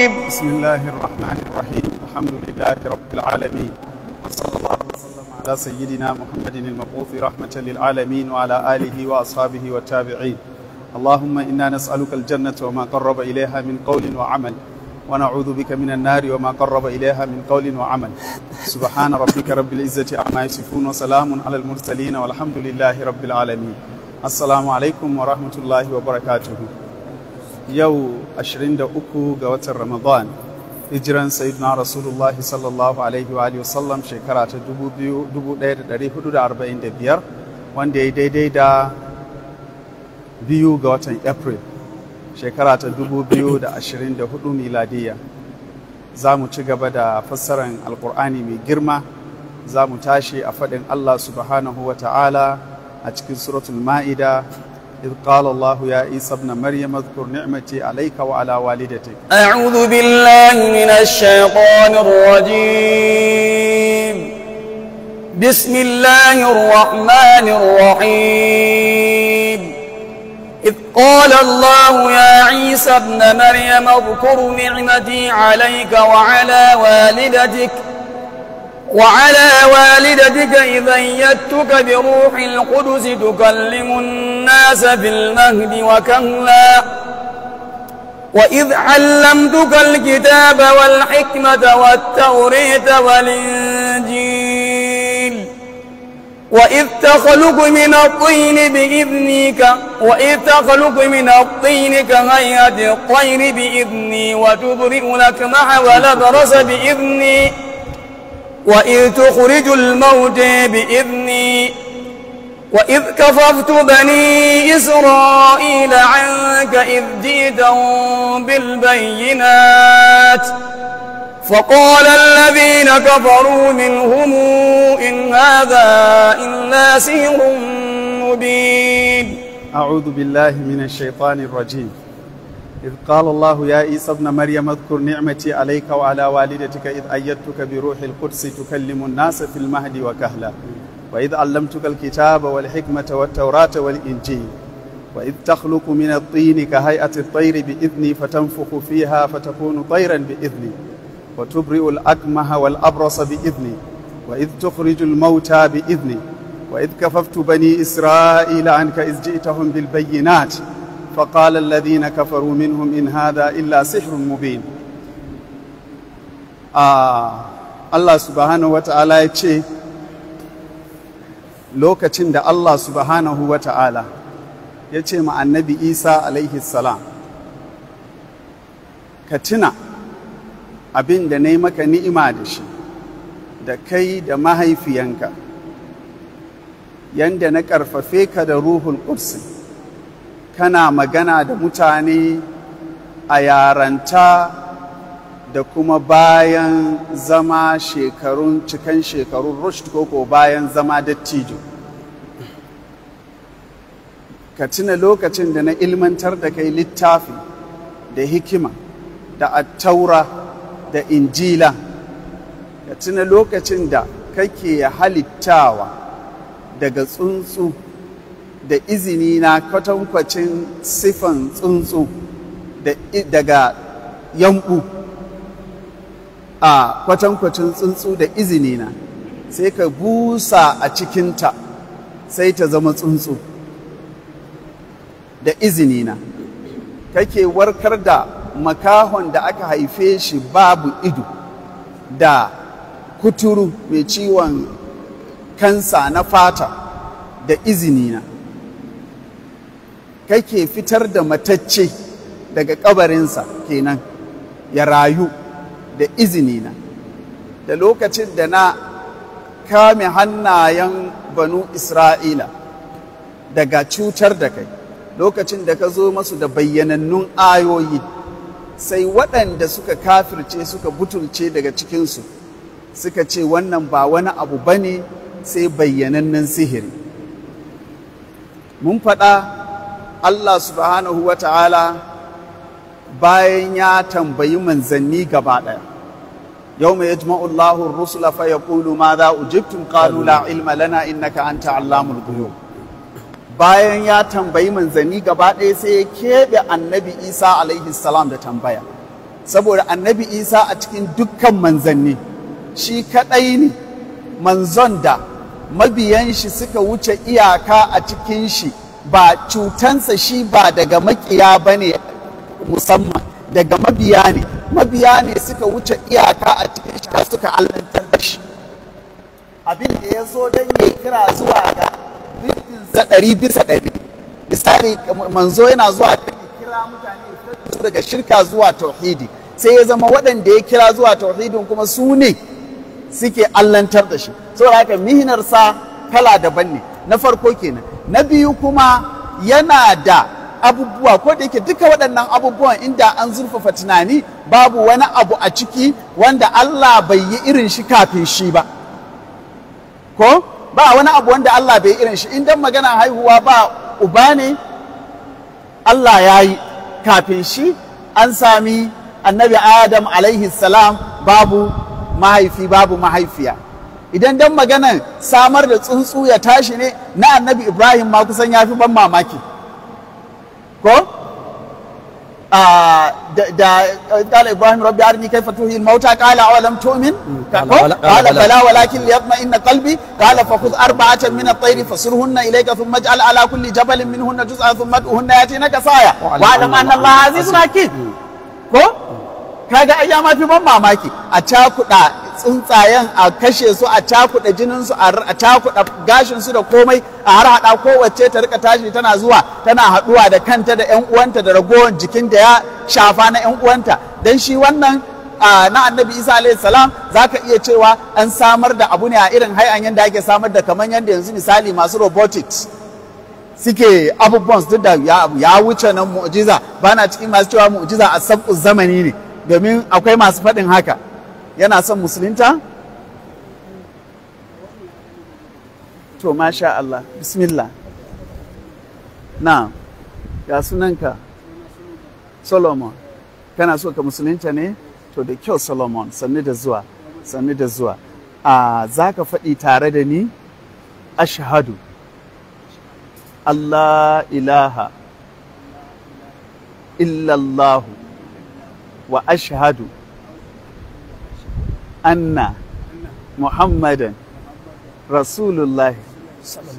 بسم الله الرحمن الرحيم الحمد لله رب العالمين وصلى الله وسلم على سيدنا محمد المبعوث رحمة للعالمين وعلى آله وأصحابه والتابعين اللهم إنا نسألك الجنة وما قرب إليها من قول وعمل ونعوذ بك من النار وما قرب إليها من قول وعمل سبحان ربك رب العزة عما يصفون وسلام على المرسلين والحمد لله رب العالمين السلام عليكم ورحمة الله وبركاته yau 23 ga watan Ramadan hijiran sayyidina Rasulullah sallallahu alaihi wa alihi sallam shekara ta 1445 wanda ya daidai da biyu ga watan April shekara ta 2024 miladiya za mu ci gaba da fassarar alkur'ani mai girma za mu tashi a faɗin Allah subhanahu wa ta'ala a cikin suratul ma'ida إذ قال الله يا عيسى ابن مريم اذكر نعمتي عليك وعلى والدتك أعوذ بالله من الشيطان الرجيم بسم الله الرحمن الرحيم إذ قال الله يا عيسى ابن مريم اذكر نعمتي عليك وعلى والدتك وعلى والدتك إذا يدتك بروح القدس تكلم الناس في المهد وكهلا وإذ علمتك الكتاب والحكمة والتوريت والإنجيل وإذ تخلق من الطين بإذنك وإذ تخلق من الطين كهيئة الطير بإذني وتبرئ لكمح ولبرس بإذني وإذ تخرج الموت بإذني وإذ كففت بني إسرائيل عنك إذ جئتهم بالبينات فقال الذين كفروا منهم إن هذا إلا سحر مبين أعوذ بالله من الشيطان الرجيم إذ قال الله يا عيسى ابن مريم اذكر نعمتي عليك وعلى والدتك إذ أيدتك بروح القدس تكلم الناس في المهد وكهلا وإذ علمتك الكتاب والحكمة والتوراة والإنجيل وإذ تخلق من الطين كهيئة الطير بإذني فتنفخ فيها فتكون طيرا بإذني وتبرئ الأكمه والأبرص بإذني وإذ تخرج الموتى بإذني وإذ كففت بني إسرائيل عنك إذ جئتهم بالبينات فقال na كفروا منهم إن هذا إلا سحر مبين آه الله lokacin da Allah subhanahu wa ta'ala ya ce ma annabi Isa alaihi salam, ka tuna abin da na yi maka ni'ima da shi, da kai da mahaifiyanka, yanda na ƙarfafe ka da ruhul ƙursi. kana magana da mutane a yaranta da kuma bayan zama shekarun cikan shekarun rush koko bayan zama dattijo ka tuna lokacin da na ilmantar da kai littafi da hikima da attaura da injila ka tuna lokacin da kake halittawa daga tsuntsu da izini na kwatankwacin sifan tsuntsu daga yambu a kwatankwacin tsuntsu da izini na sai ka busa a cikinta sai ta zama tsuntsu da izini na kake warkar da makahon da aka haife shi babu ido da kuturu mai ciwon kansa na fata da izini na kake fitar da matacce daga kabarinsa kenan ya rayu da izinina da lokacin da na kame hannayen banu isra'ila daga cutar da kai lokacin da ka zo masu da bayyanannun ayoyi sai waɗanda suka kafirce suka butulce daga cikinsu suka ce wannan ba wani abu ba ne sai bayyanannen sihiri mun faɗa Allah subhanahu wa ta'ala bayan ya tambayi manzanni gaba ɗaya. Yau mai yajma Allahun Rusula fa ya ƙulu ma za ujibtun ƙalu la ilma lana innaka anta Allahmul guyo. Bayan ya tambayi manzanni gaba ɗaya sai ya keɓe annabi Isa alaihi salam da tambaya. Saboda annabi Isa a cikin dukkan manzanni shi kaɗai ne manzon da mabiyan shi suka wuce iyaka a cikin shi ba cutansa shi ba daga makiya ba ne musamman daga mabiya ne mabiya ne suka wuce iyaka a cikin shiga suka allantar da shi abin da ya zo don ya kira zuwa ga sa ɗari bisa ɗari misali manzo yana zuwa ta kira mutane daga shirka zuwa tauhidi sai ya zama waɗanda ya kira zuwa tauhidin kuma su ne suke allantar da shi saboda haka mihinarsa kala daban ne na farko kenan na biyu kuma yana da abubuwa ko da yake duka waɗannan abubuwan inda an zurfafa tunani babu wani abu a ciki wanda Allah bai yi irin shi kafin shi ba ko ba wani abu wanda Allah bai yi irin shi idan magana haihuwa ba uba ne Allah ya yi kafin shi an sami annabi Adam alaihi salam babu mahaifi babu mahaifiya idan dan maganan samar da tsuntsu ya tashi ne na annabi ibrahim ma kusan ya fi ban mamaki ko da kala ibrahim rabbi arni kai fatuhi mauta kala awalam tu'min mm, kala bala walakin liyatma inna qalbi kala fa khudh arba'atan min at-tayr fasurhunna ilayka thumma ij'al ala kulli jabalin minhunna juz'an thumma ad'uhunna yatinaka saya wa alam anna allaha azizun hakim mm. ko kaga ai ya ma fi ban mamaki a cakuɗa tsuntsayen a kashe su a cakuɗa jinin su a cakuɗa gashin su da komai a har haɗa kowace ta rika tashi tana zuwa tana haɗuwa da kanta da ƴan uwanta da ragowar jikin da ya shafa na ƴan uwanta dan shi wannan na annabi isa alayhi salam za ka iya cewa an samar da abu ne a irin hayan yadda ake samar da kamar yadda yanzu misali masu robotics suke abubuwan duk da ya wuce nan mu'jiza Bana na cikin masu cewa mu'jiza a sab'u zamani ne domin akwai masu faɗin haka yana son musulunta to masha Allah bismillah na ga sunanka solomon kana so ka musulunta ne to da kyau solomon sannu da zuwa sannu da zuwa a za ka faɗi tare da ni ashhadu Allah ilaha illallahu wa ashhadu anna muhammadan rasulullah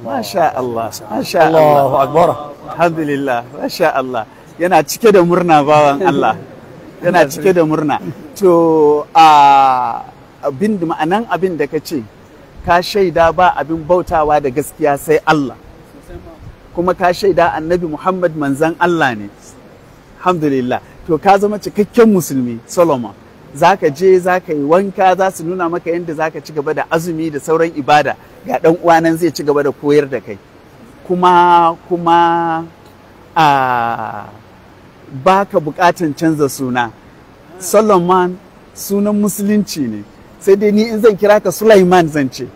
masha Allah masha allah akbar alhamdulillah masha Allah yana cike da murna bawan Allah yana cike da murna to a abin da ma'anan abin da ka ce ka shaida ba abin bautawa da gaskiya sai Allah kuma ka shaida annabi Muhammad manzan Allah ne alhamdulillah to ka zama cikakken musulmi solomon ka je za ka yi wanka za su nuna maka yadda za ka ci gaba da azumi da sauran ibada ga dan uwanan zai ci gaba da koyar da kai kuma kuma a baka bukatan canza suna solomon sunan musulunci ne sai dai ni in zan kira ka Sulaiman zan ce.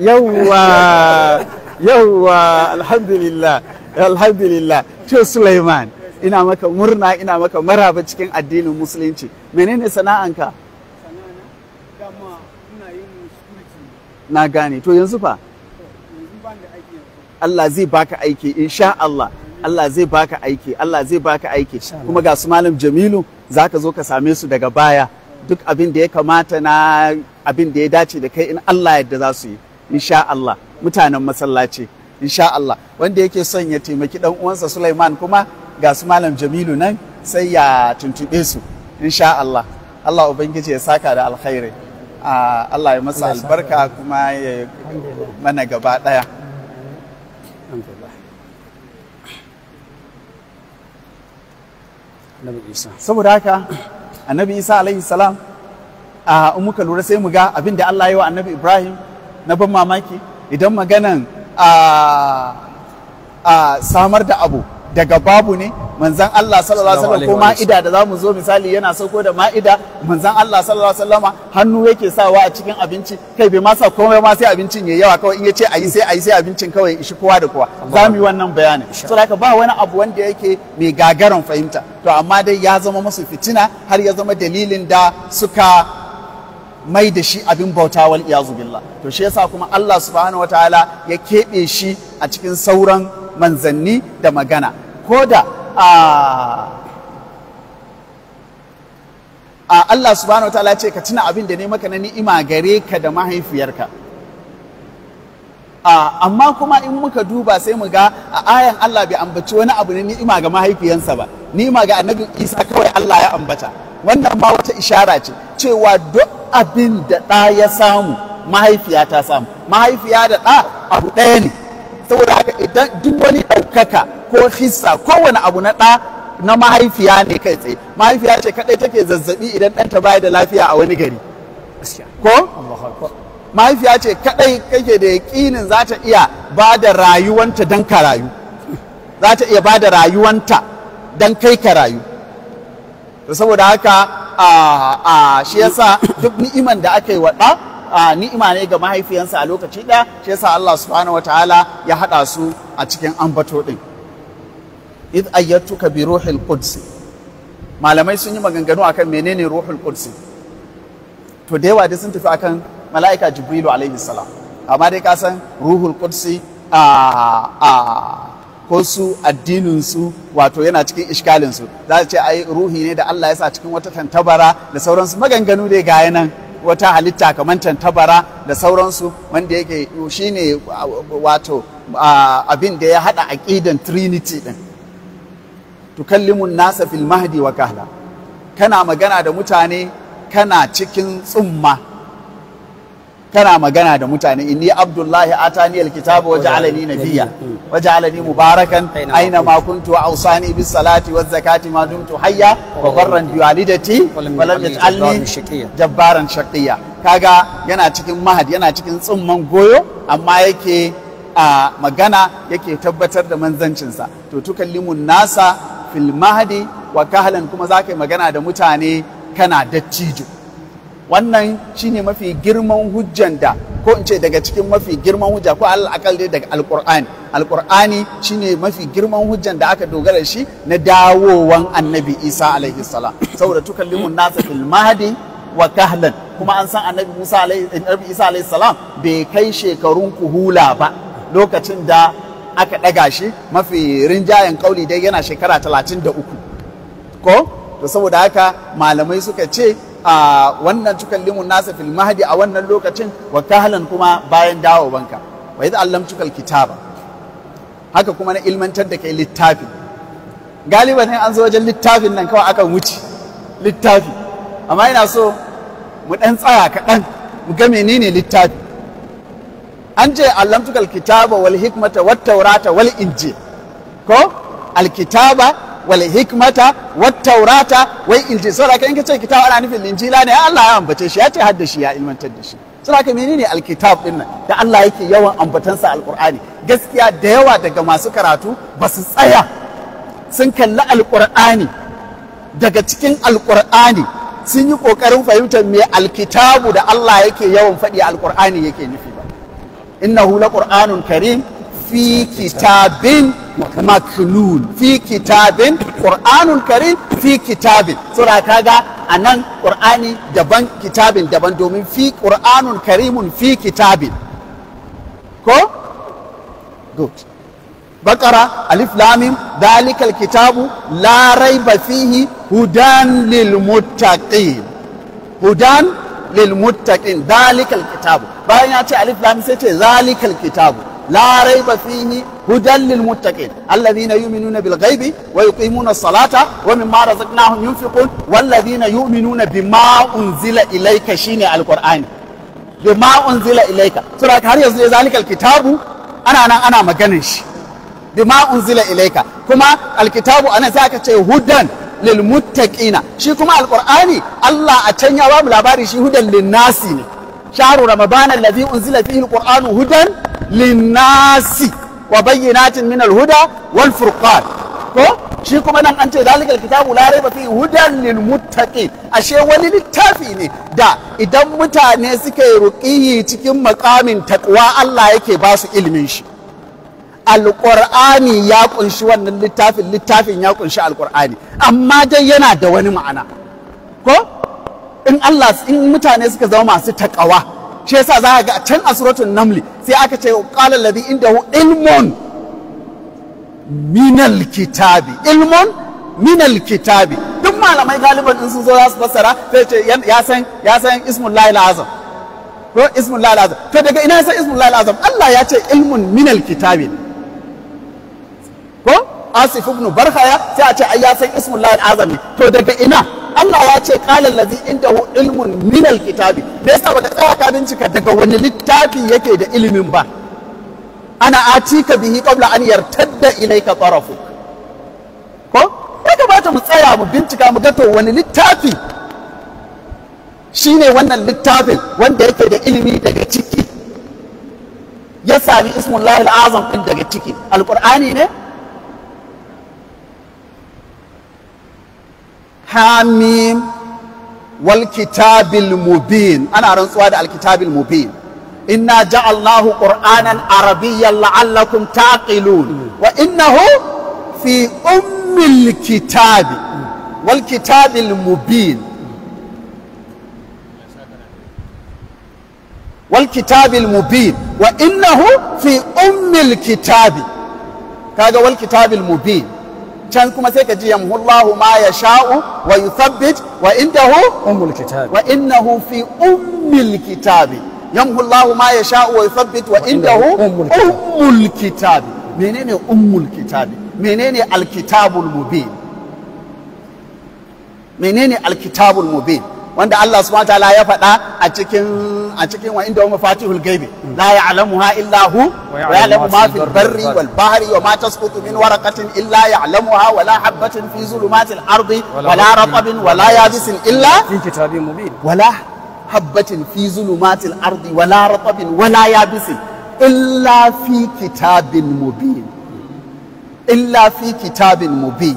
Yawwa, yawwa, alhamdulillah, alhamdulillah, ce Sulaiman. ina maka murna ina maka maraba cikin addinin musulunci menene sana'anka na gane to yanzu fa Allah zai baka aiki insha Allah Allah zai baka aiki Allah zai baka aiki kuma ga su malam Jamilu zaka zo ka same su daga baya duk abin da ya kamata na abin da ya dace da kai in Allah yadda za su yi insha Allah mutanen masallaci insha Allah wanda yake son ya taimaki dan uwansa Sulaiman kuma ga su malam jamilu nan sai ya tuntube su insha Allah Allah ubangiji ya saka da alkhairi Allah ya masa albarka kuma ya mana gaba daya saboda haka annabi isa alaihi salam a muka lura sai mu ga abin da Allah ya wa annabi ibrahim na ban mamaki idan maganan a samar da abu daga babu ne manzan Allah sallallahu alaihi wasallam ko ma'ida da zamu zo misali yana sauko da ma'ida manzan Allah sallallahu alaihi wasallama hannu yake sawa a cikin abinci kai bai ma sa komai ma sai abincin yayi yawa kawai in yace ayi sai ayi sai abincin kawai ishi kowa da kowa zamu yi wannan bayanin so haka ba wani abu wanda yake mai gagaran fahimta to amma dai ya zama musu fitina har ya zama dalilin da suka mai da shi abin bauta wal iyazu billah to shi yasa kuma Allah subhanahu wataala ya keɓe shi a cikin sauran manzanni da magana ko da a Allah subhanahu wa ta'ala ce ka tuna abin da ne maka na ni'ima gare ka da mahaifiyarka amma kuma in muka duba sai mu ga a ayan Allah bai ambaci wani abu na ni'ima ga mahaifiyansa ba ni'ima ga annabi Isa kawai Allah ya ambata wannan ma wata ishara ce cewa duk abin da ɗa ya samu mahaifiya ta samu mahaifiya da ɗa abu ɗaya ne saboda haka idan duk wani ɗaukaka ko hissa kowane abu na ɗa na mahaifiya ne kai tsaye mahaifiya ce kadai take zazzabi idan ɗanta ba da lafiya a wani gari ko mahaifiya ce kadai kake da yaƙinin za ta iya ba da rayuwanta don ka rayu za ta iya ba da rayuwanta don kai ka rayu saboda haka a shi yasa duk ni'iman da aka yi wa ɗa a ni'ima ne ga mahaifiyansa a lokaci ɗaya shi yasa Allah subhanahu wataala ya haɗa su a cikin ambato ɗin id ayyatuka bi ruhil quds malamai sun yi maganganu akan menene ruhul quds to da yawa dai sun tafi akan mala'ika jibrilu alaihi salam amma dai ka san ruhul quds a a ko su addinin su wato yana cikin iskalin su za a ce ai ruhi ne da Allah ya sa cikin wata tantabara da sauransu maganganu dai ga nan wata halitta kamar tantabara da sauransu wanda yake shi ne wato abin da ya hada ƙidan trinity din tukallimun nasa fil mahdi wa kahla kana magana da mutane kana cikin tsumma tana magana da mutane inni abdullahi atani alkitabu wa ja'alani nabiyya wa ja'alani mubarakan aina ma kuntu wa awsani bis salati waz zakati ma dumtu hayya wa barran bi walidati wa lam yaj'alni jabbaran shaqiyya kaga yana cikin mahad yana cikin tsumman goyo amma yake a magana yake tabbatar da manzancinsa to tukallimun nasa fil mahdi wa kahlan kuma zaka yi magana da mutane kana dattijo wannan shine mafi girman hujjan da ko in ce daga cikin mafi girman hujja ko al'akal dai daga alkur'ani alkur'ani shine mafi girman hujjan da aka dogara shi na dawowan annabi isa alaihi salam saboda tukallimun nasa fil mahdi wa kahlan kuma an san annabi isa alaihi salam bai kai shekarun kuhula ba lokacin da aka ɗaga shi mafi rinjayen kauli dai yana shekara 33 ko to saboda haka malamai suka ce a wannan limun nasa fil mahdi a wannan lokacin wa kahlan kuma bayan banka wa idh allamtukal kitaba haka kuma na ilmantar da kai littafi ne an zo wajen littafin nan kawai akan wuce littafi amma ina so mu dan tsaya kaɗan mu ga menene littafi an ce allamtukal kitaba wal hikmata wat taurata wal injil ko alkitaba wal hikmata wat taurata wai injil sai haka in ce kitab ana nufin injila ne Allah ya ambace shi ya ce hadda shi ya ilmantar da shi sai haka menene alkitab din nan da Allah yake yawan ambatansa alqur'ani gaskiya da yawa daga masu karatu ba su tsaya sun kalli alqur'ani daga cikin alqur'ani sun yi kokarin fahimtar me alkitabu da Allah yake yawan faɗi alqur'ani yake nufi ba innahu laqur'anun karim fi kitabin maklul fi kitabin qur'anul karim fi kitabin sura kaga a nan qur'ani daban kitabin daban domin fi qur'anul karimun fi kitabin ko good bakara alif lamim dalikal kitabu larai ba fihi hudan lil muttaqin hudan lil muttaqin dalikal kitabu bayan ya ce alif lamim sai ce dalikal kitabu larai ba fihi هدى للمتقين الذين يؤمنون بالغيب ويقيمون الصلاة ومما رزقناهم ينفقون والذين يؤمنون بما أنزل إليك شيني القرآن بما أنزل إليك سورة هل يزل ذلك الكتاب أنا أنا أنا مجنش بما أنزل إليك كما الكتاب أنا ذاك هدى للمتقين شي كما القرآن الله أتنيا وام لاباري شي هدى للناس شهر رمضان الذي أنزل فيه القرآن هدى للناس wa bayyinatin min al-huda wal furqan ko shi kuma nan an ce zalikal kitabu la raiba fi hudan lil muttaqi ashe wani littafi ne da idan mutane suka yi ruqiyi cikin makamin taqwa Allah yake ba su ilimin shi alqur'ani ya kunshi wannan littafin littafin ya kunshi alqur'ani amma dai yana da wani ma'ana ko in Allah in mutane suka zama masu takawa shi yasa za ga can a suratul namli sai aka ce qala alladhi indahu ilmun minal kitabi ilmun minal kitabi duk malamai galiban in sun zo za su fassara sai ce ya san ya san ismul lahil azam ko ismul lahil azam to daga ina san ismul lahil azam Allah ya ce ilmun minal kitabi ko asif ibn barhaya sai a ce ai ya san ismul lahil azam ne to daga ina Allah ya ce kalan lazi inda hu ilmun minal kitabi me yasa baka tsaya ka bincika daga wani littafi yake da ilimin ba ana atika bihi qabla an yartadda ilayka tarafu ko ya kamata mu tsaya mu bincika mu ga wani littafi shine wannan littafin wanda yake da ilimi daga ciki ya sami ismullahi azam din daga ciki alqur'ani ne hamim wal kitabil mubin ana rantsuwa da alkitabil mubin inna ja'alnahu qur'anan arabiyyan la'allakum taqilun wa innahu fi ummil kitabi wal kitabil mubin والكتاب المبين وإنه في أم الكتاب كذا والكتاب المبين can kuma sai ka ji yamhullahu ma ya sha'u wa yuthabbit wa indahu ummul kitabi wa innahu fi ummil kitabi yamhullahu ma ya sha'u wa yuthabbit wa indahu ummul kitabi menene umul kitabi menene alkitabul mubin menene alkitabul mubin wanda Allah subhanahu wataala ya faɗa a cikin a cikin wa inda mafatihul ghaibi la ya'lamuha illa hu wa ya'lamu ma fil barri wal bahri wa ma tasqutu min waraqatin illa ya'lamuha wa la habatin fi zulumatil ardi wa la ratabin wa la yabisin illa fi kitabin mubin wa la habatin fi zulumatil ardi wa la ratabin wa la yabisin illa fi kitabin mubin illa fi kitabin mubin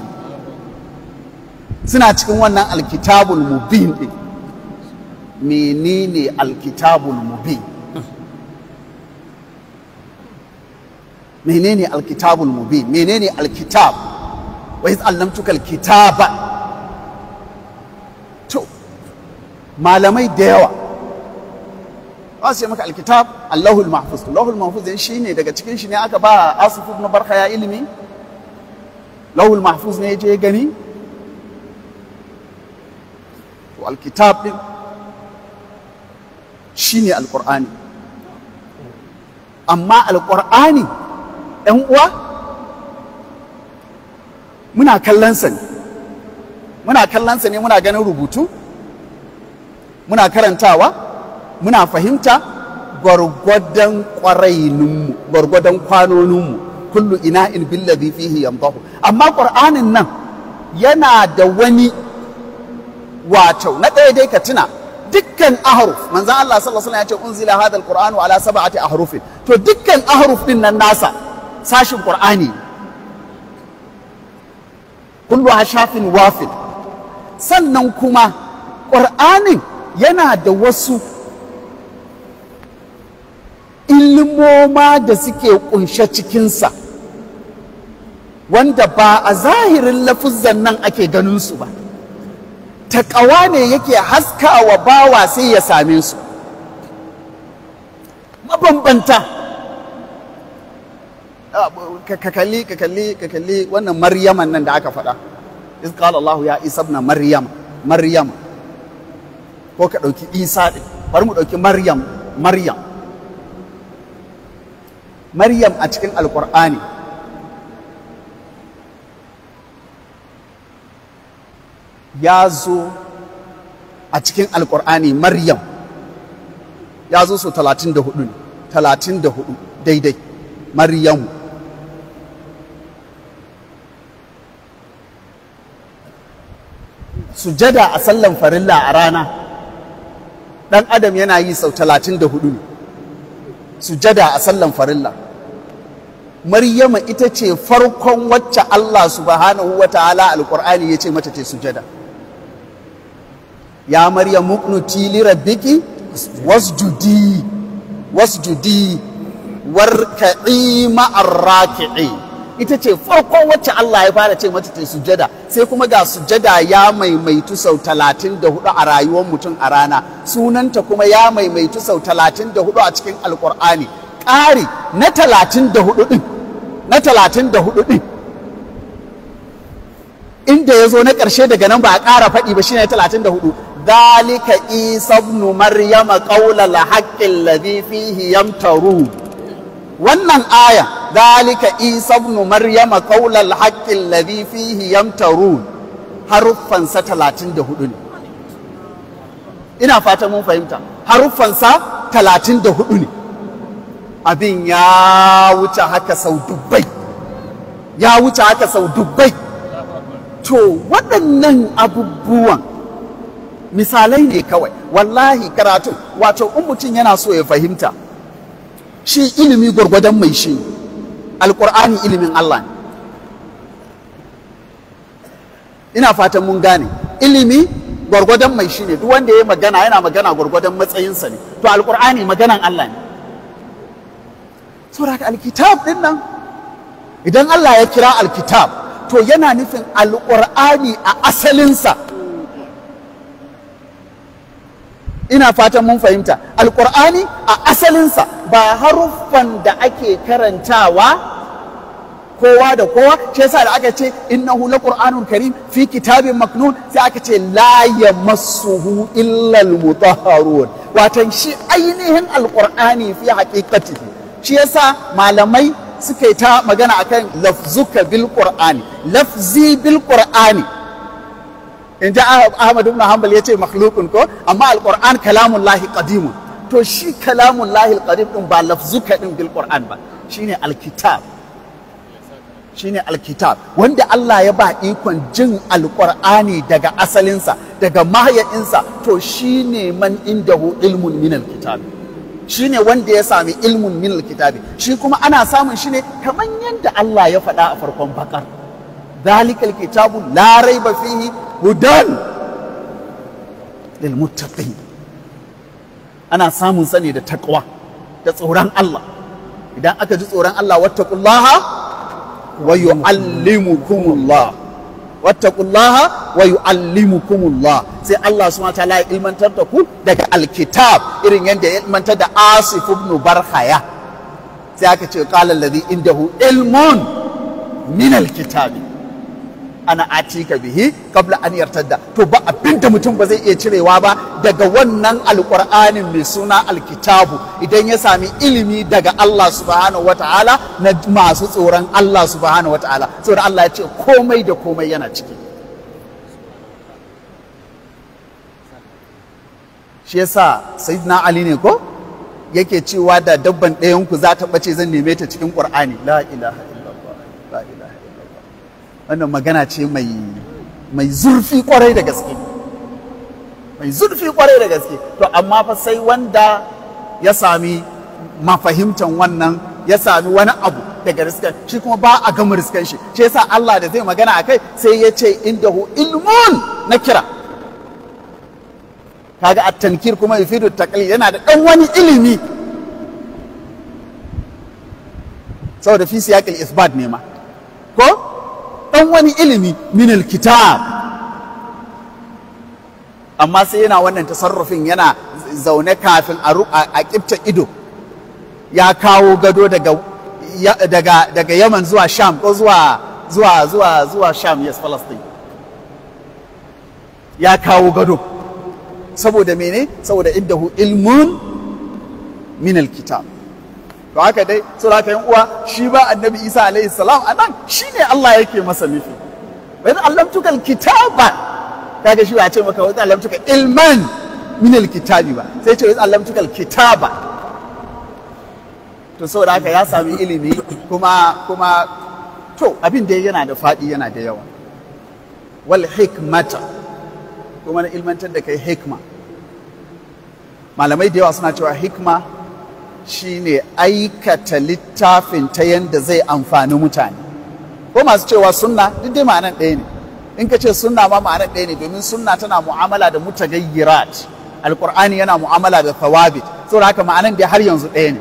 suna cikin wannan alkitabul mubin din menene alkitabul mubin menene alkitabul mubin menene alkitab wa iz allamtuka alkitaba to malamai da yawa ba su yi maka alkitab allahul mahfuz allahul mahfuz yan shine daga cikin shi ne aka ba asif ibn barka ya ilimi lahul mahfuz ne ya je gani to alkitab din Shi ne Alƙur'ani amma Alƙur'ani ɗan uwa muna kallonsa, ne muna kallonsa ne muna ganin rubutu muna karantawa muna fahimta gwargwadon ƙwarainunmu gwargwadon kwanoninmu kullu ina in bi fihi yamdahu amma ƙur'anin nan yana da wani wato na ɗaya dai ka tuna dukkan ahruf manzon Allah sallallahu alaihi wasallam ya ce unzila hadha alquranu ala sab'ati ahrufin to dukkan ahruf din nan nasa sashin qur'ani kullu hashafin wafid sannan kuma qur'anin yana da wasu ilmoma da suke kunshe cikinsa wanda ba a zahirin lafuzzan nan ake ganin su ba taƙawa ne yake haskawa bawa sai ya same su mabambanta ah, ka kalli ka kalli ka kalli wannan maryaman nan da aka faɗa iz qala allah ya isa ibn maryam maryam ko ka ɗauki isa ɗin bari mu ɗauki maryam maryam maryam a cikin alƙur'ani ya zo a cikin alkur'ani maryam ya zo so talatin da hudu ne talatin da hudu daidai Maryam. sujada a sallan farilla a rana ɗan adam yana yi sau talatin da hudu ne sujada a sallan farilla maryama ita ce farkon wacce allah subhanahu wa ta'ala Alƙur'ani ya ce mata ce sujada ya marya muqnuti li rabbiki wasjudi wasjudi warka'i ma'ar raki'i ita ce farko wacce Allah ya fara ce mata ta sujada sai kuma ga sujada ya maimaitu sau talatin da hudu a rayuwar mutum a rana sunanta kuma ya maimaitu sau talatin da hudu a cikin alkur'ani ƙari na talatin da hudu ɗin na talatin da hudu ɗin inda ya zo na ƙarshe daga nan ba a ƙara faɗi ba shine talatin da hudu zalika isa ibn maryama qawla al-haqqi alladhi fihi wannan aya zalika isa ibn maryama qawla al-haqqi alladhi fihi yamtaru haruffansa 34 ne ina fata mun fahimta haruffansa 34 ne abin ya wuce haka sau dubbai ya wuce haka sau dubbai to waɗannan abubuwan misalai ne kawai wallahi karatu wato in mutum yana so ya fahimta shi ilimi gwargwadon mai shi alkur'ani ilimin Allah ne ina fatan mun gane ilimi gwargwadon mai shi ne duk wanda ya magana yana magana gwargwadon matsayinsa ne to alkur'ani maganan Allah ne saboda alkitab din nan idan Allah ya kira alkitab to yana nufin alkur'ani a asalinsa ina fatan mun fahimta alkur'ani a asalinsa ba haruffan da ake karantawa kowa da kowa shi yasa da aka ce innahu Kur'anun karim fi kitabin maknun sai aka ce la yamassuhu illa almutahharun watan shi ainihin alkur'ani fi haqiqatihi shi yasa malamai suka yi ta magana akan lafzuka bil qur'ani lafzi bil in ji ahmad ibn hanbal ya ce makhlukun ko amma alquran kalamun lahi qadimun to shi kalamun lahi qadim din ba lafzuka din bil qur'an ba shine alkitab shine alkitab wanda Allah ya ba ikon jin alqur'ani daga asalinsa daga mahayinsa to shine man indahu ilmun min alkitab shine wanda ya sami ilmun min alkitabi shi kuma ana samun shi ne kamar yadda Allah ya faɗa a farkon bakar zalikal kitabu la raiba fihi hudan lil muttaqin ana samun sani da takwa da tsoron Allah idan aka ji tsoron Allah wattaqullaha wa yu'allimukumullah wattaqullaha wa yu'allimukumullah sai Allah subhanahu wataala ya ilmantar da ku daga alkitab irin yadda ya ilmantar da Asif ibn Barhaya sai aka ce qala alladhi indahu ilmun min alkitabi ana atika bihi kabla an yartadda to ba abinda mutum ba zai iya cirewa ba daga wannan alkur'ani mai suna alkitabu idan ya sami ilimi daga Allah subhanahu wataala na masu tsoron Allah subhanahu wataala saboda Allah ya ce komai da komai yana ciki shi yasa sayyidina ali ne ko yake cewa da dabban ɗayan ku za ta bace zan neme ta cikin qur'ani la ilaha wannan magana ce mai mai zurfi kwarai da gaske mai zurfi kwarai da gaske to amma fa sai wanda ya sami mafahimtan wannan ya sami wani abu daga riskan shi kuma ba a gama riskan shi shi yasa Allah da zai magana akai sai ya ce inda hu ilmun na kira kaga at-tankir kuma yufidu taqlid yana da ɗan wani ilimi saboda fi siyaqil isbat ne ma ko san wani ilimi min alkitab amma sai yana wannan tasarrufin yana zaune kafin a kifta ido ya kawo gado daga daga daga Yaman zuwa Sham ko zuwa zuwa zuwa zuwa Sham yes Palestine ya kawo gado saboda mene saboda iddahu ilmun min alkitab to haka dai saboda yan uwa shi ba annabi isa alaihi salam shi shine Allah yake masa nufi wani allamtuka alkitaba kaga shi ba ce maka wani allamtuka ilman min alkitabi ba sai ce wani allamtuka alkitaba to saboda haka ya sami ilimi kuma kuma to abin da yana da faɗi yana da yawa wal hikmata kuma na ilmantar da kai hikma malamai da yawa suna cewa hikma Shi ne aikata littafin ta yadda zai amfani mutane ko masu cewa sunna duk dai ma'anar ɗaya ne in ka ce sunna ma ma'anar ɗaya ne domin sunna tana mu'amala da mutagayyirat alqur'ani yana mu'amala da thawabit saboda haka ma'anar dai har yanzu ɗaya ne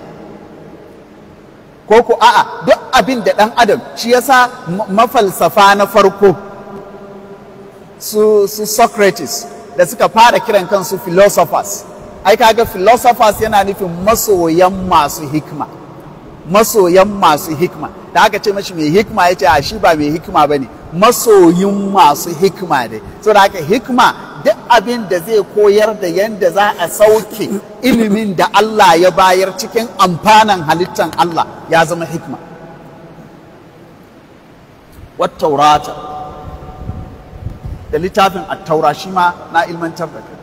ko ku a'a duk abin da ɗan adam shi yasa mafalsafa na farko su, su Socrates da suka fara kiran kansu philosophers ai kaga philosophers yana nufin masoyan masu hikma masoyan masu hikma da aka ce mashi mai hikma ya ce a shi ba mai hikma ba ne masoyin masu hikma ne so da aka hikma duk abin da zai koyar da yadda za a sauke ilimin da Allah ya bayar cikin amfanan halittan Allah ya zama hikma wata da littafin a taura shi ma na ilmantar da kai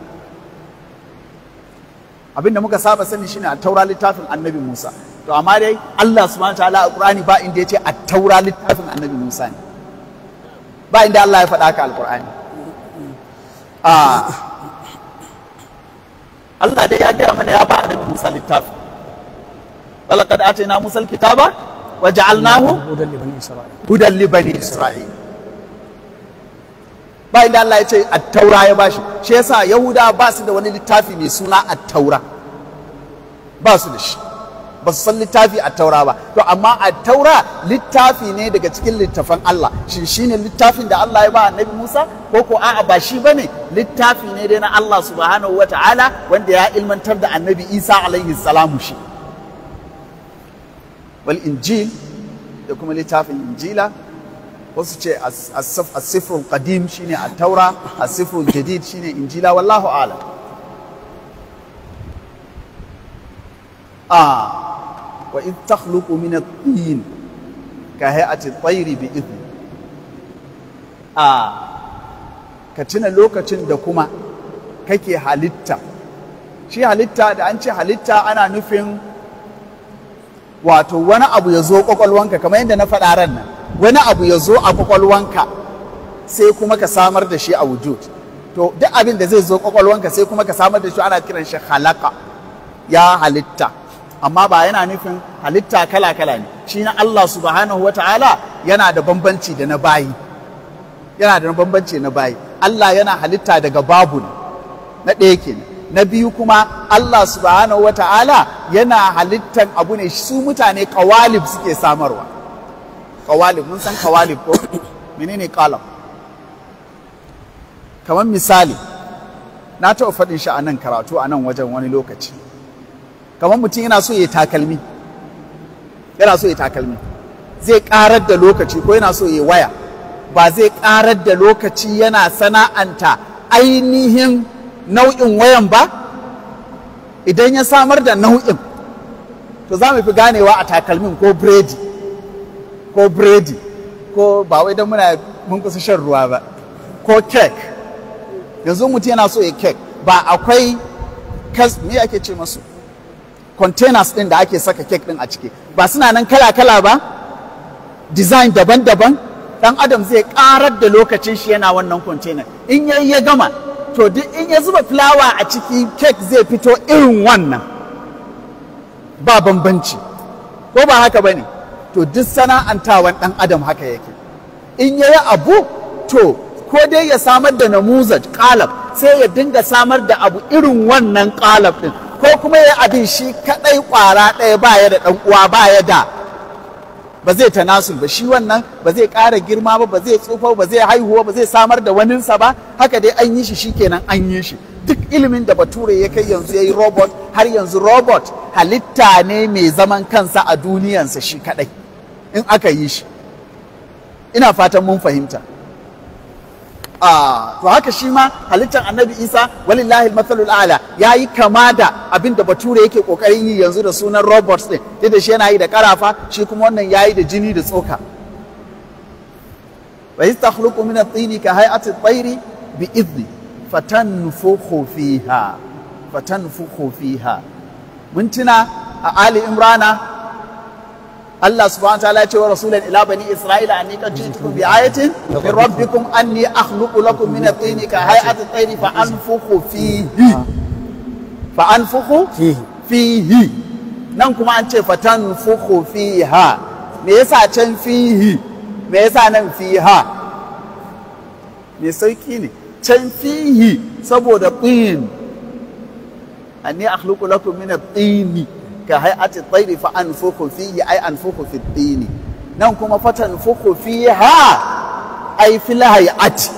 abin da muka saba sani shine a taura littafin annabi Musa to amma dai Allah subhanahu wataala a Qur'ani ba inda yace a taura littafin annabi Musa ne ba inda Allah ya faɗa ka alƙur'ani a ah. Allah dai ya gaya mana ya ba annabi Musa littafin walaqad atayna Musa alkitaba wa ja'alnahu hudan li hudan li bani isra'il ba inda Allah ya ce attaura ya bashi shi yasa yahuda ba su da wani littafi mai suna attaura ba su da shi ba su san littafi attaura ba to amma attaura littafi ne daga cikin littafan Allah shi shine littafin da Allah ya ba annabi Musa ko ko a'a ba shi bane littafi ne dai na Allah subhanahu wataala wanda ya ilmantar da annabi Isa alaihi salamu shi wal injil da kuma littafin injila wasu ce asifrul qadim shine a taura asifrul jadid shine injila wallahu ala. a ah, wa in takhluqu min at-tin ka hay'ati at-tayri bi idhni a ah, ka tuna lokacin da kuma kake halitta shi halitta da an ce halitta ana nufin wato wani abu ya zo kwakwalwanka kamar yadda na faɗa ran nan wani abu ya zo a kwakwalwanka sai kuma ka samar da shi a wujud to duk abin da zai zo kwakwalwanka sai kuma ka samar da shi ana kiran shi halaka ya halitta amma ba yana nufin halitta kala-kala ne shi na Allah subhanahu wa ta'ala yana da bambanci da na bayi yana da bambanci na bayi Allah yana halitta daga babu ne na ɗaya na biyu kuma Allah subhanahu wa ta'ala yana halittan abu ne su mutane kawalib suke samarwa kawalib mun san kawalib ko menene kalam kamar misali na taɓa faɗin shi a nan karatu a nan wajen wani lokaci kamar mutum yana so ya takalmi yana so ya takalmi zai ƙarar da lokaci ko yana so ya waya ba zai ƙarar da lokaci yana sana'anta ainihin nau'in wayan ba idan ya samar da nau'in to za mu fi ganewa a takalmin ko biredi ko biredi ko ba wai don muna mun kusa shan ruwa ba ko kek yanzu mutum yana so ya kek ba akwai kas me ake ce masu containers din da ake saka kek din a ciki ba suna nan kala-kala ba design daban-daban dan adam zai karar da lokacin shi yana wannan container in yayi ya gama to duk in ya zuba fulawa a ciki kek zai fito irin wannan ba bambanci ko ba haka bane to duk sana'antawan ɗan adam haka yake in yayi abu to ko dai ya samar da namuzaj kalab sai ya dinga samar da abu irin wannan kalab din, ko kuma ya abin shi kaɗai ƙwara ɗaya baya da ɗan uwa baya da ba zai tanasul ba shi wannan ba zai ƙara girma ba ba zai tsufa ba zai haihuwa ba zai samar da waninsa ba haka dai an yi shi kenan an yi shi duk ilimin da bature ya kai yanzu ya yi robot har yanzu robot halitta ne mai zaman kansa a duniyansa shi kaɗai in aka yi shi ina fatan mun fahimta ah, to haka shi ma halittar annabi isa walillahi matsalul ala ya yi kama da abin da bature yake kokarin yi yanzu da sunan robots din da shi yana yi da karafa shi kuma wannan ya yi da jini da tsoka wa yi tsakhluku at tsini ka hay'ati at-tayri bi idni fatanfukhu fiha kofi fiha mun tuna a ali imrana Allah subhanahu wa ta'ala ya ce wa rasulan ila bani isra'ila anni qad ji'tukum bi ayatin min rabbikum anni akhluqu lakum min at-tini ka hay'ati at-tayri fa anfukhu fihi fa anfukhu fihi fihi nan kuma an ce fa tanfukhu fiha me yasa can fihi me yasa nan fiha me sauki ne can fihi saboda tin anni akhluqu lakum min at-tini ka hay'ati tsairi fa an fuku yi ai an fuku fi dini nan kuma fatan fuku ha ai fil hay'ati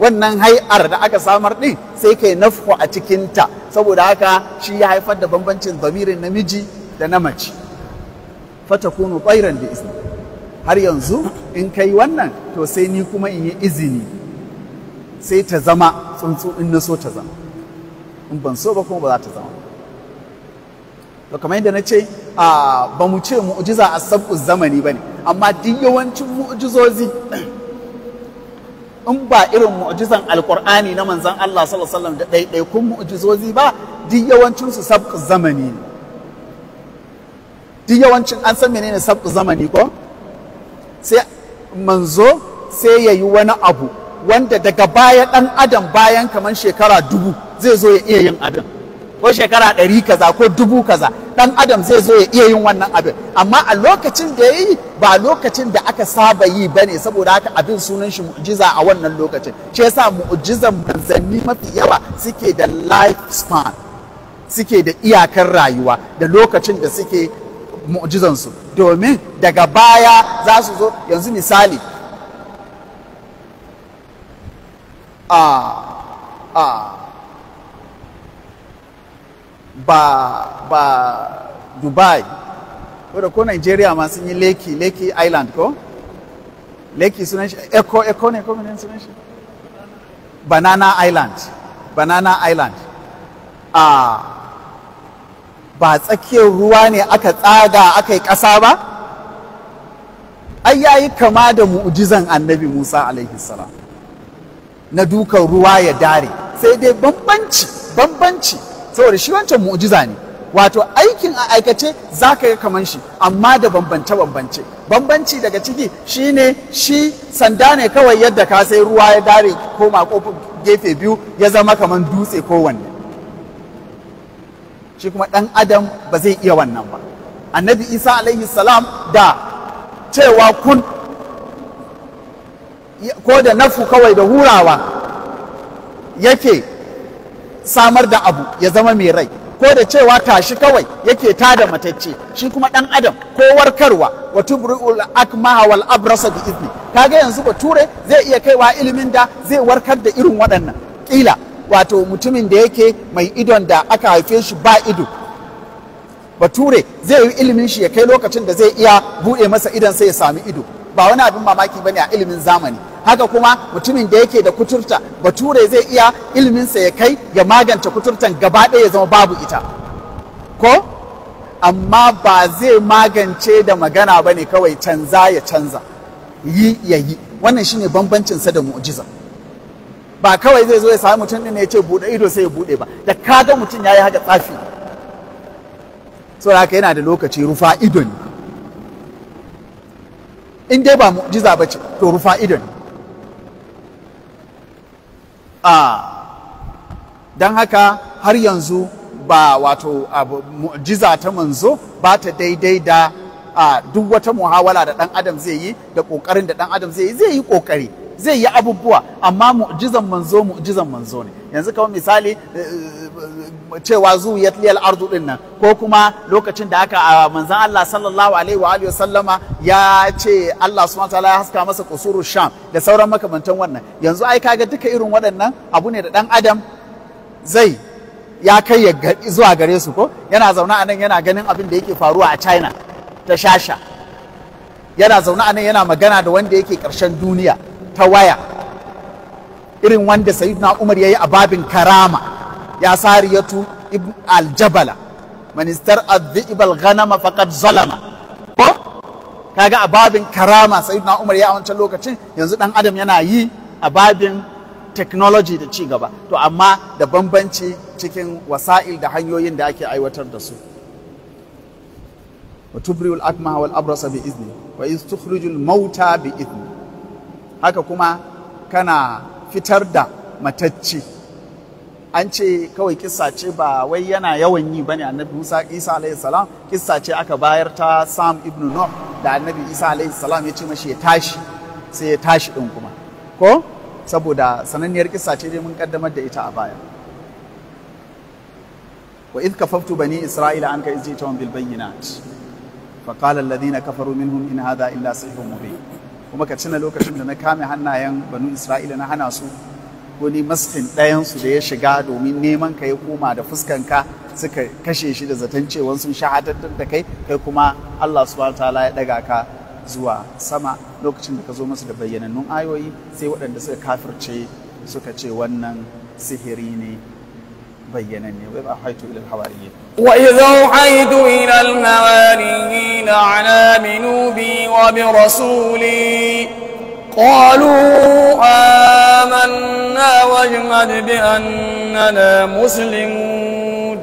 wannan hai'ar da aka samar din sai kai nafku a cikinta saboda haka shi ya haifar da bambancin zamirin namiji da na mace fatakunu tsairan da izini har yanzu in kai wannan to sai ni kuma in yi izini sai ta zama tsuntsu in na so ta zama in ban so ba kuma ba za ta zama to kamar yadda na ce a ba mu ce mu'jiza a sabu zamani ba ne amma duk yawancin mu'jizozi in ba irin mu'jizan alkur'ani na manzan Allah sallallahu da wasallam da ɗaiɗaikun mu'jizozi ba duk yawancin su sabu zamani ne duk yawancin an san menene sabu zamani ko sai manzo sai ya yi wani abu wanda daga baya ɗan adam bayan kamar shekara dubu zai zo ya iya yin adam ko shekara ɗari kaza ko dubu kaza ɗan adam zai zo ya iya yin wannan abin amma a lokacin da ya yi ba lokacin da aka saba yi ba ne saboda haka abin sunan shi mu'jiza a wannan lokacin shi yasa mu'jizan manzanni mafi yawa suke da life span suke da iyakar rayuwa da lokacin da suke mu'jizansu domin daga baya za su zo yanzu misali a a ba ba dubai wadda ko nigeria ma sun yi leki leki island ko leki sunan shi eco eko ne ko menene sunan shi banana island banana island a ba tsakiyar ruwa ne aka tsaga aka yi ƙasa ba ai yayi kama da mu'jizan annabi musa alaihi salam na dukan ruwa ya dare sai dai bambanci bambanci saboda shi wancan mu'jiza ne wato aikin a aikace za ka yi kaman shi amma da bambance bambance bambanci daga ciki shine shi sanda ne kawai yadda ka sai ruwa ya dare koma kofin gefe biyu ya zama kaman dutse kowanne shi kuma ɗan adam ba zai iya wannan ba annabi isa alaihi salam da cewa kun ko da nafu kawai da hurawa yake samar da abu ya zama mai rai ko da cewa tashi kawai yake tada matacce shi kuma dan adam ko warkarwa wa tubri'ul akmaha wal abrasa bi izni kaga yanzu bature zai iya kaiwa ilimin da zai warkar da irin waɗannan kila wato mutumin da yake mai idon da aka haife shi ba ido bature zai yi ilimin shi ya kai lokacin da zai iya buɗe masa idon sai ya sami ido ba wani abin mamaki bane a ilimin zamani haka kuma mutumin da yake da kuturta bature zai iya iliminsa ya kai ya magance kuturtan gaba ɗaya ya zama babu ita ko amma ba zai magance da magana ba ne kawai canza ya canza yi ya yi wannan shine bambancinsa da mu'jiza ba kawai zai zo ya sami mutum ɗin ya ce buɗe ido sai ya buɗe ba da kaga mutum ya yi haka tsafi saboda haka yana da lokaci rufa ido ne in dai ba mu'jiza ba ce to rufa ido ne a don haka har yanzu ba wato mu'jiza ta manzo ba ta daidai da a duk wata muhawala da ɗan adam zai yi da ƙoƙarin da ɗan adam zai yi zai yi ƙoƙari zai yi abubuwa amma mu'jizan manzo mu'jizan manzo ne yanzu kawai misali eh, eh, cewa ya tliyar ardu din nan ko kuma lokacin da aka ah, manzan Allah sallallahu alaihi wa alihi sallama ya ce Allah subhanahu ta'ala ya haska masa kusurur sham da sauran makamantan wannan yanzu ai kaga duka irin waɗannan abu ne da dan adam zai ya kai ya zuwa gare su ko yana zaune a nan yana ganin abin da yake faruwa a China ta shasha yana zaune a nan yana magana da wanda yake ƙarshen duniya ta waya irin wanda sayyidina umar ya yi a babin karama ya ya tu aljabala manistar istar'ad dhi'bal ghanama faqad zalama ko kaga a babin karama sayyidina umar ya a wancan lokacin yanzu dan adam yana yi a babin technology da ci gaba to amma da bambanci cikin wasa'il da hanyoyin da ake aiwatar da su wa tubriul akmaha wal abrasa bi izni wa mauta bi izni haka kuma kana fitar da matacce an ce kawai kissa ce ba wai yana yawan yi bane annabi Musa Isa alaihi salam kissa ce aka bayar ta Sam ibn Nuh da annabi Isa alaihi salam ya ce mashi ya tashi sai ya tashi din kuma ko saboda sananniyar kissa ce dai mun kaddamar da ita a baya wa idh kafaftu bani isra'ila anka izjitahum bil bayyinat فقال الذين كفروا منهم إن illa إلا سحر مبين kuma ka cina lokacin da na kame hannayen banu isra'ila na hana su wani maskin ɗayansu da ya shiga domin neman ka ya koma da fuskanka suka kashe shi da zaton cewa sun shahatattar da kai kai kuma Allah subhanahu ta'ala ya ɗaga ka zuwa sama lokacin da ka zo masu da bayyanannun ayoyi sai waɗanda suka kafirce suka ce wannan sihiri ne بينني وإذ أوحيت إلى الحواريين وإذ أوحيت إلى الحواريين أن آمنوا بي وبرسولي قالوا آمنا واجمد بأننا مسلمون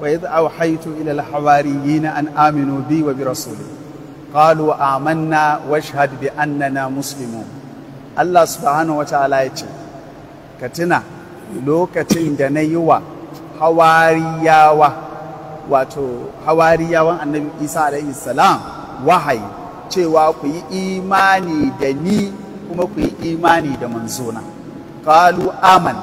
وإذ أوحيت إلى الحواريين أن آمنوا بي وبرسولي قالوا آمنا واشهد بأننا مسلمون الله سبحانه وتعالى يقول كتنا lokacin da na yi wa hawariyawa wato hawariyawan annabi isa alaihi salam wahayi cewa ku yi imani da ni kuma ku yi imani da manzona kalu Aman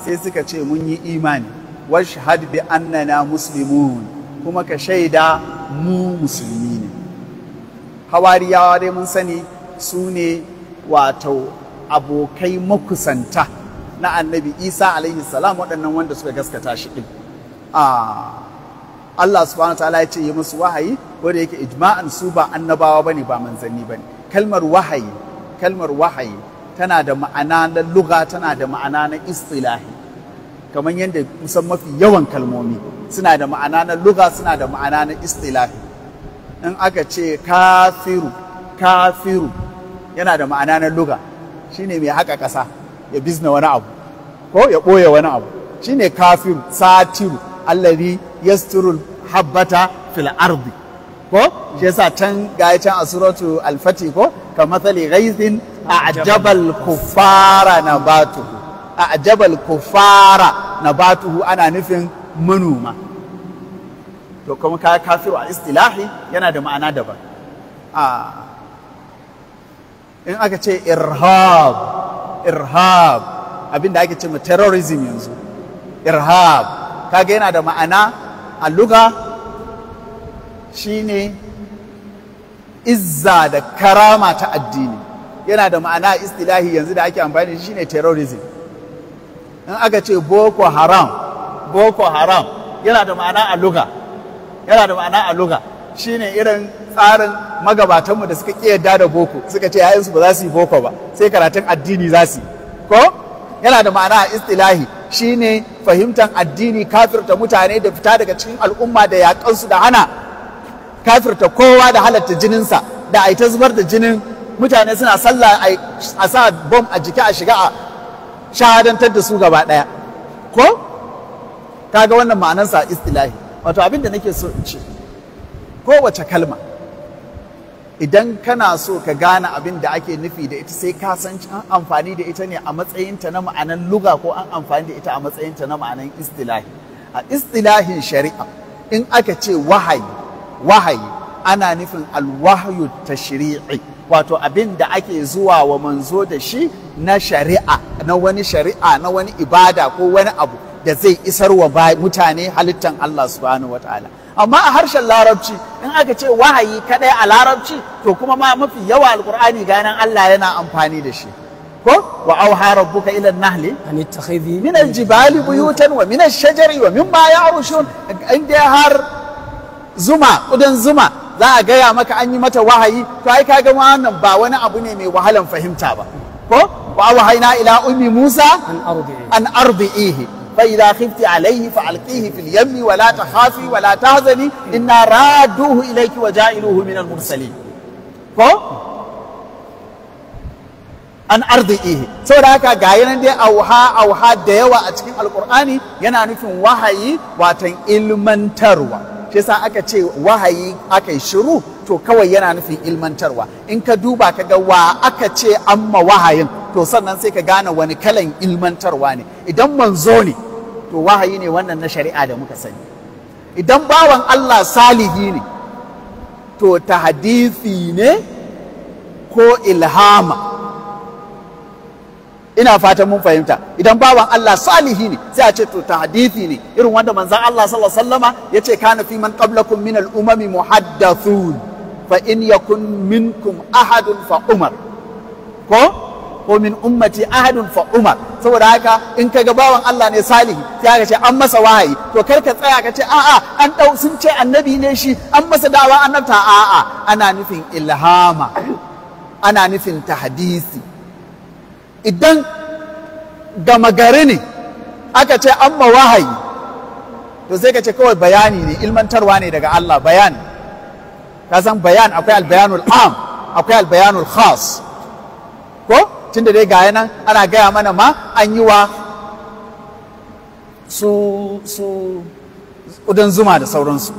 sai suka ce mun yi imani washhad bi annana muslimun kuma ka shaida mu musulmi ne hawariyawa dai mun sani su ne wato abokai makusanta na annabi isa alaihi salam waɗannan wanda suka gaskata shi ɗin ah, Allah subhanahu wa ta'ala ya ce yi musu wahayi wadda yake ijma'an su ba annabawa ne ba manzanni bane kalmar wahayi kalmar wahayi tana da ma'ana na lugha tana da ma'ana na istilahi kamar yadda kusan mafi yawan kalmomi suna da ma'ana na lugha suna da ma'ana na istilahi in aka ce kafiru kafiru yana da ma'ana na lugha shine mai haka ƙasa ya bizna wani abu ko ya ɓoye wani abu shine kafin satiru allazi yasturul habbata fil ardi ko shi yasa can gaya can a suratu ko ka mathali ghaizin a'jabal kufara nabatuhu a'jabal na nabatuhu ana nufin manoma to kuma ka kafiru a istilahi yana da ma'ana daban a ah. in aka ce irhab irhab abinda ake cewa terrorism yanzu irhab kaga yana da ma'ana a luga shine izza da karama ta addini yana da ma'ana istilahi yanzu da ake amfani da shi shine terrorism in aka ce boko haram boko haram yana da ma'ana a luga yana da ma'ana a luga shine irin tsarin magabatanmu da suka ƙi yadda da boko suka ce ‘ya'yansu ba za su yi boko ba sai karatun addini za su yi ko yana da ma'ana a istilahi shine fahimtar addini kafirta mutane da fita daga cikin al'umma da yaƙansu da hana kafirta kowa da halatta jininsa da a ta zubar da jinin mutane suna sallah a sa bom a jiki a shiga a shahadantar da su gaba ɗaya ko kaga wannan ma'anarsa istilahi wato abin da nake so in ce kowace kalma idan kana so ka gane abin da ake nufi da ita sai ka san an amfani da ita ne a matsayinta na ma'anan luga ko an amfani da ita a matsayinta na ma'anan istilahi a istilahin shari'a in aka ce wahayi wahayi ana nufin alwahyu tashri'i wato abin da ake zuwa wa manzo da shi na shari'a na wani shari'a na wani ibada ko wani abu da zai isar wa mutane halittan Allah subhanahu wataala amma a harshen larabci in aka ce wahayi kadai a larabci to kuma ma mafi yawa alkur'ani ganin Allah yana amfani da shi ko wa auha rabbuka ila nahli an ittakhidhi min aljibali buyutan wa min ash-shajari wa mimma ya'rushun inda har zuma kudan zuma za a gaya maka an yi mata wahayi to ai kaga wannan ba wani abu ne mai wahalan fahimta ba ko wa wahaina ila ummi musa an ardihi فإذا خفت عليه فألقيه في اليم ولا تخافي ولا تهزني إنا رادوه إليك وجائلوه من المرسلين ko an arziki saboda haka ga yana dai auha auha da yawa a cikin alkur'ani yana nufin wahayi watan ilmantarwa shi yasa aka ce wahayi aka yi shiru to kawai yana nufin ilmantarwa in ka duba ka ga wa aka ce amma wahayin to sannan sai ka gane wani kalan ilmantarwa ne idan manzo ne to wahayi ne wannan na shari'a da muka sani idan bawan Allah salihi ne to tahadisi ne ko ilhama ina fatan mun fahimta idan bawan Allah salihi ne sai a ce to tahadisi ne irin wanda manzon Allah sallallahu alaihi wasallama yace kana fi man qablakum min al-umami muhaddathun fa in yakun minkum ahadun fa umar ko ko min ummati ahadun fa umar saboda haka in kaga bawan Allah ne salihi sai ka ce an masa wahayi to kar ka tsaya ka ce a'a an dau sun ce annabi ne shi an masa dawa annabta a'a ana nufin ilhama ana nufin tahdisi idan gama gari ne aka ce an ma wahayi to sai ka ce kawai bayani ne ilmantarwa ne daga Allah bayan ka san bayan akwai albayanul am akwai albayanul khas ko tunda dai ga nan ana gaya mana ma an yi wa su su ƙudan zuma da sauransu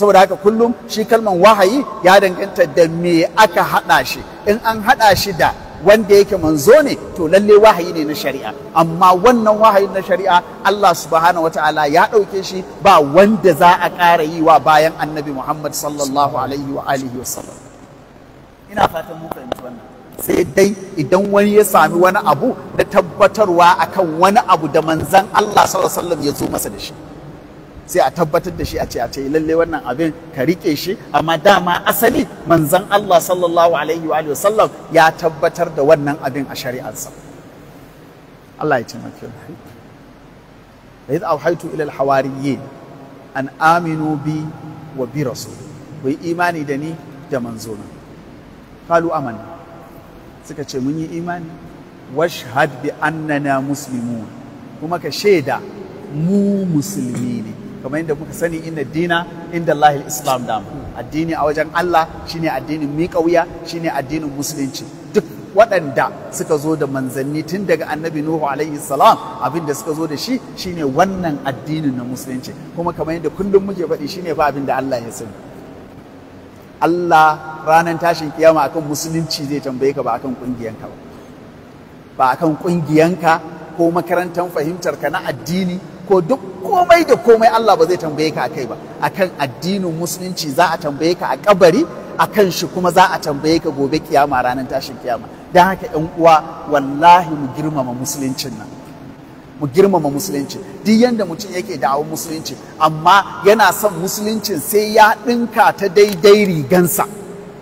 saboda haka kullum shi kalman wahayi ya danganta da me aka haɗa shi in an haɗa shi da wanda yake manzo ne to lalle wahayi ne na shari'a amma wannan wahayi na shari'a Allah subhanahu wata'ala ya ɗauke shi ba wanda za a ƙara yi wa bayan annabi Muhammad sallallahu alaihi wa alihi wasallam ina fatan muka sai dai idan wani ya sami wani abu na tabbatarwa akan wani abu da manzan Allah sallallahu alaihi ya zo masa da shi sai a tabbatar da shi a ce a ce lalle wannan abin ka rike shi amma dama asali manzan Allah sallallahu alaihi wa sallam ya tabbatar da wannan abin a shari'arsa Allah ya taimake mu da yadda auhaitu ilal hawariyyin an aminu bi wa bi rasul ku imani da ni da manzona qalu amanna suka ce mun yi imani washhad bi annana muslimun kuma ka shaida mu musulmi ne kamar yadda kuka sani inna dina inda Allah islam dam addini a wajen Allah shine addinin miƙa shine addinin musulunci duk waɗanda suka zo da manzanni tun daga annabi Nuhu alaihi salam abin da suka zo da shi shine wannan addinin na musulunci kuma kamar yadda kullum muke faɗi shine fa abin da Allah ya sani Allah ranar tashin kiyama akan musulunci zai tambaye ka ba akan kungiyanka ba ba akan kungiyanka ko makarantar fahimtar ka na addini ko duk komai da komai Allah ba zai tambaye ka akai ba akan addinin musulunci za a tambaye ka a kabari akan shi kuma za a tambaye ka gobe kiyama ranar tashin kiyama don haka yan uwa wallahi mu girmama musuluncin nan mu girmama musulunci duk yadda mutum yake dawo musulunci amma yana son musuluncin sai ya ɗinka ta daidai rigansa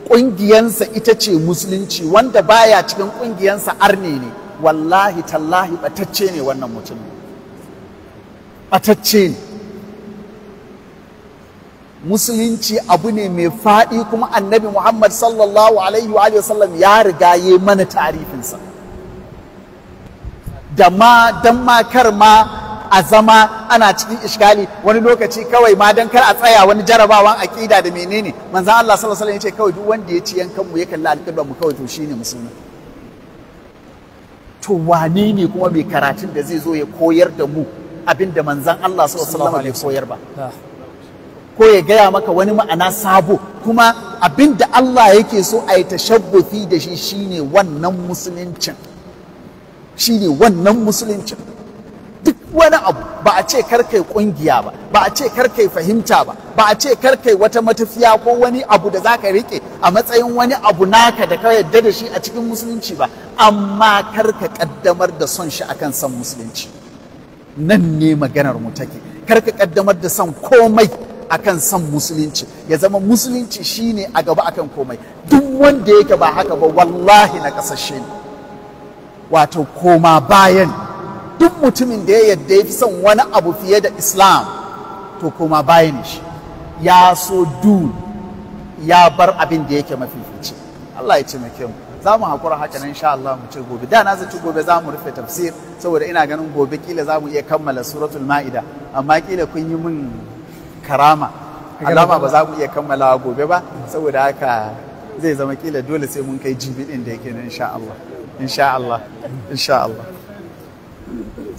ƙungiyansa ita ce musulunci wanda baya cikin ƙungiyansa arne ne wallahi tallahi batacce ne wannan mutum batacce ne musulunci abu ne mai faɗi kuma annabi muhammad sallallahu alaihi wa sallam ya riga ya mana tarifinsa da ma don ma kar ma a zama ana cikin iskali wani lokaci kawai ma Don kar a tsaya wani jarabawan aƙida da menene manzan Allah sallallahu alaihi ya ce kawai duk wanda ya ci yankan mu ya kalli alƙiblar mu kawai to shine musulmi to wane ne kuma mai karatun da zai zo ya koyar da mu abin da manzan Allah sallallahu alaihi koyar ba ko ya gaya maka wani ma'ana sabo kuma abin da Allah yake so a yi tashabbufi da shi shine wannan musuluncin Shi ne wannan musulunci duk wani abu ba a ce kar kai kungiya ba ba a ce karkai fahimta ba ba a ce kar wata matafiya ko wani abu da za ka rike a matsayin wani abu naka da ka yarda da shi a cikin musulunci ba amma karka ka kaddamar da son shi akan son musulunci nan ne maganar mu take kar ka kaddamar da son komai akan son musulunci ya zama musulunci shi ne a gaba akan komai duk wanda yake ba haka ba wallahi na kasashe ne wato koma bayan duk mutumin da ya yadda ya fi son wani abu fiye da islam to koma bayan shi ya so dun ya bar abin da yake mafifici Allah ya taimake mu za mu haƙura haka nan sha Allah mu ci gobe da na zaci gobe za mu rufe tafsir saboda ina ganin gobe kila za mu iya kammala suratul ma'ida amma kila kun yi min karama alama ba za mu iya kammalawa gobe ba saboda haka zai zama kila dole sai mun kai jibi ɗin da yake nan sha Allah ان شاء الله ان شاء الله